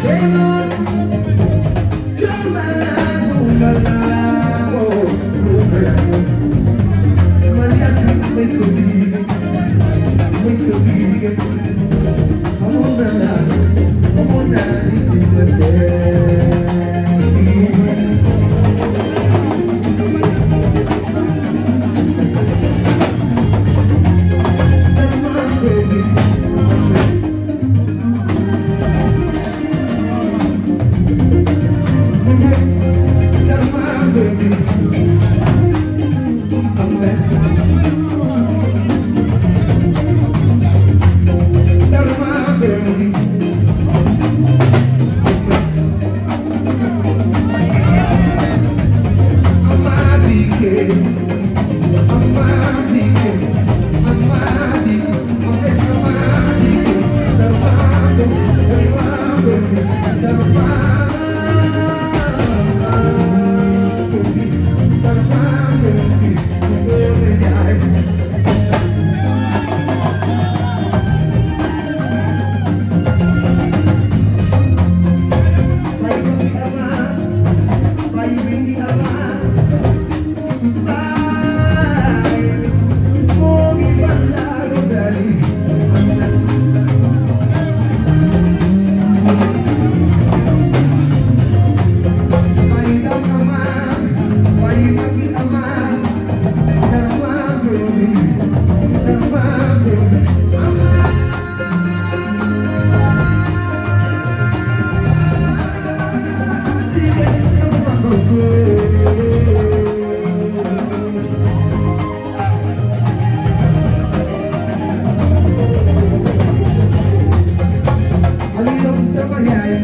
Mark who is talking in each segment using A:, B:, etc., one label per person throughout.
A: Say no. never mind. sama yaay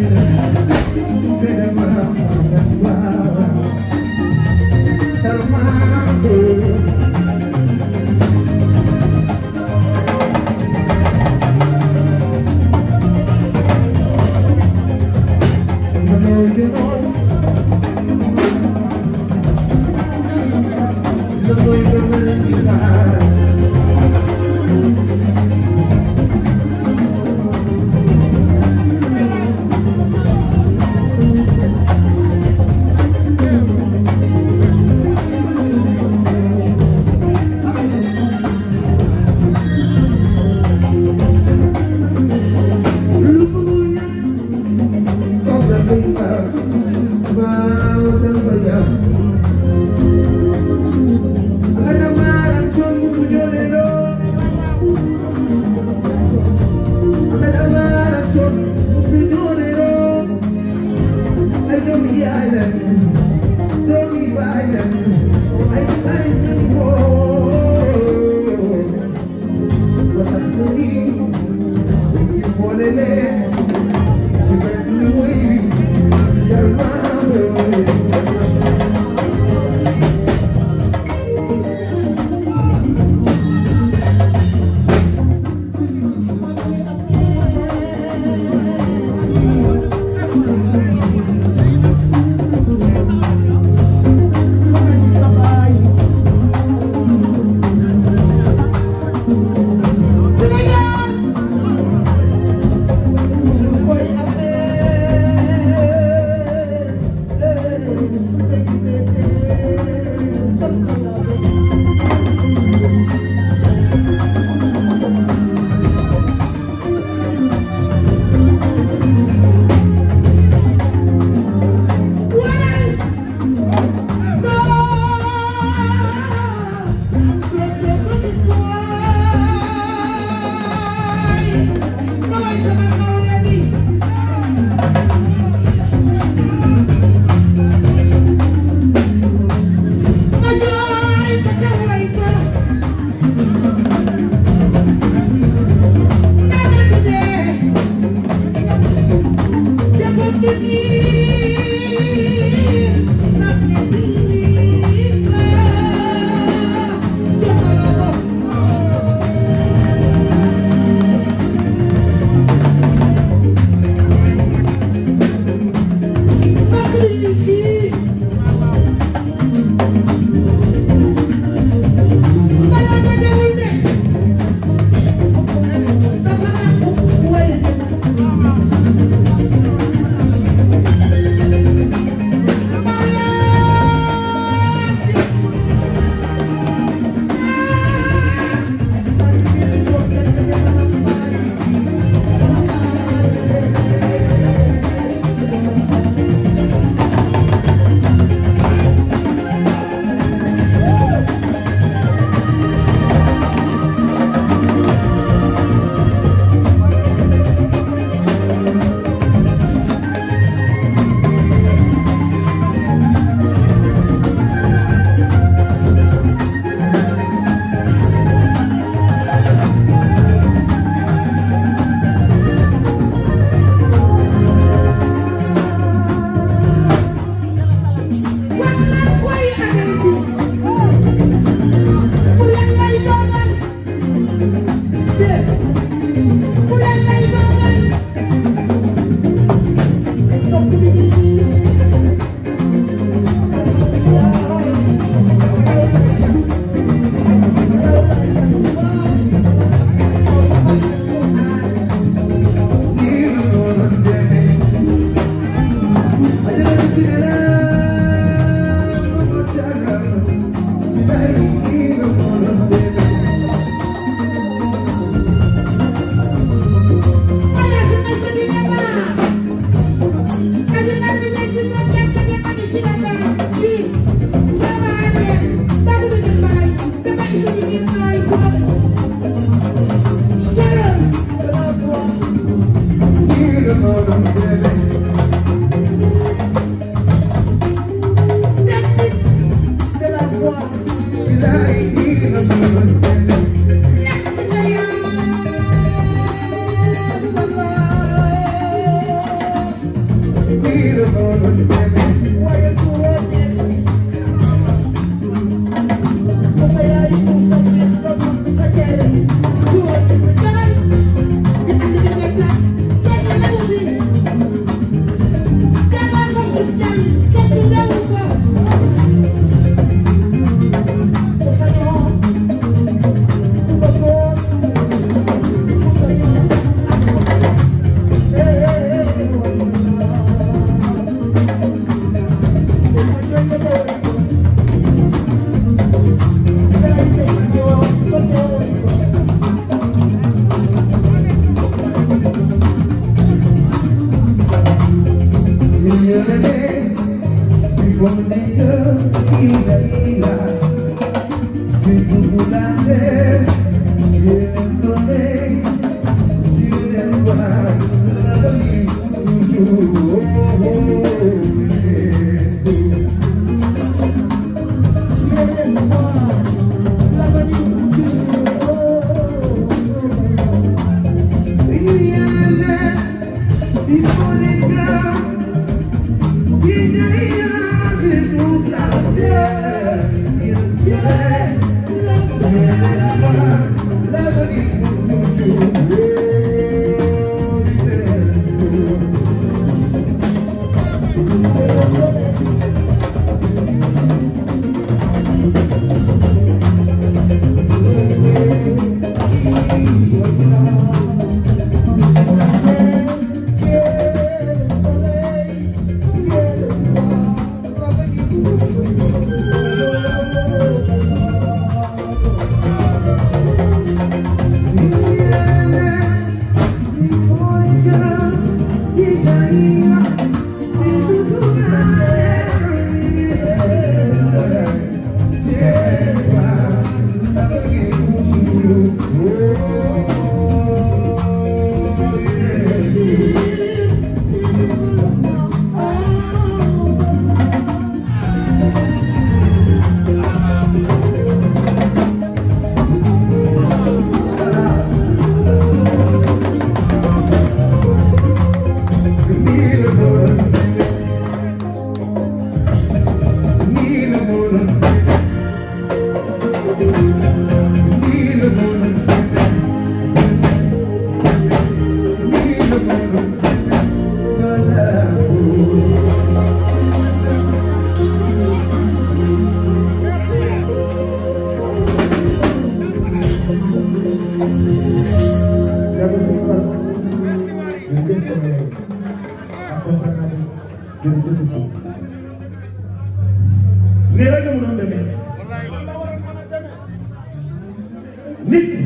B: nit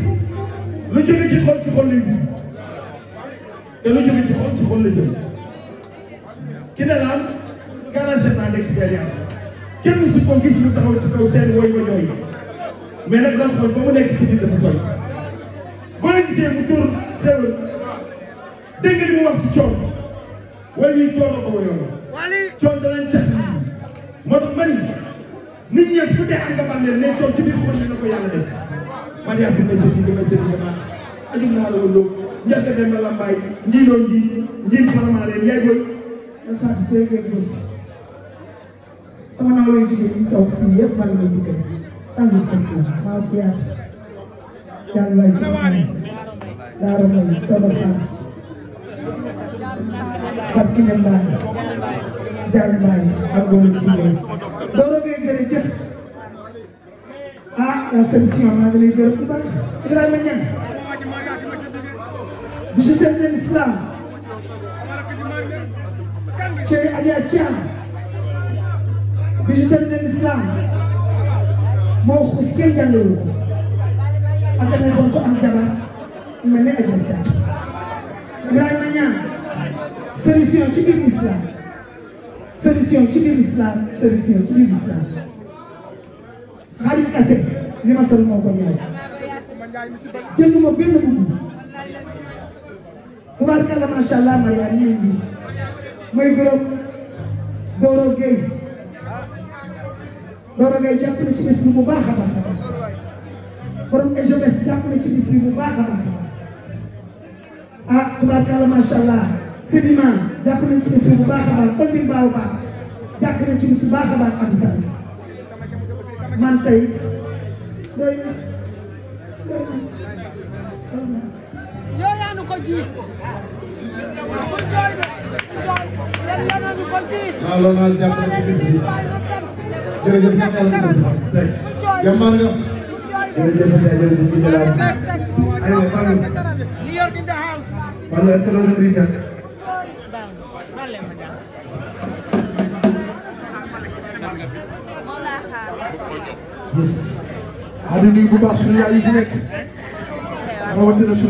B: lu jóge ci xol ci xol lay dugg te lu jóge ci xol ci xol lay dugg ki ne laan quarante-sept ans d'expérience kenn su ko gis ñu taxaw kaw seen woy ma ñooy mais nag xool ba nekk ci biir dafa sooy boo leen gisee mu tur xewal dégg li wax ci coon way wi coon la ko wayoon coon danañ cax moo tax nit ñëpp fu dee am nga bàmmeel mais coon ci biir xol la ko yàlla def Mariasi may sëriñ may sëriñ ma alim naa la loolu njëkk dem ba lambaay njii doon ji njii farama leen yaay booy man saa si tey ngeen jóg sama naa lay jigéen ñi toog fii yëpp man la jigéen tànn sëriñ maa tiyaat jàlla ji daara may sabata Fatou Kiné Mbaye Diagne Mbaye ak góor jigéen doon ngay jërëjëf ah seen si maa ngi lay gërëm bu baax Ibrahima Niang bi islam ci Adja Thiam bi si seen islam moo xus kenn jàllewu ko ak tamit doon ko am jabar mel ne Adja Thiam Ibrahima Niang solution ci biir islam solution ci biir islam solution xarit kase li ma sol moo ko ñëw jënduma benn mbubb tubaarkalla macha allah Mariam ñu ngi mooy borom Doro Gueye Doro Gueye jàpp na ci bis bi bu baax a baax borom EGMS jàpp na ci bis bi bu baax a baax ah tubaarkalla macha allah Sédima jàpp na ci bis bi bu baax a baax Ondine Ba Ba jàpp na ci bis bu baax a baax man tey doy na doy na. yow yaa nu ko ji.
A: waaw loolu daal jàpp na ci bis bi
B: jërëjëf ñaata la ñu ko tey jàmbaar nga. jërëjëf Ndiaye jërëjëf Ndiaye. aywa Fallou. Fallou est-ce que loolu
A: yes. di nuyu bu baax suñu yaay yi fi nekk rawatina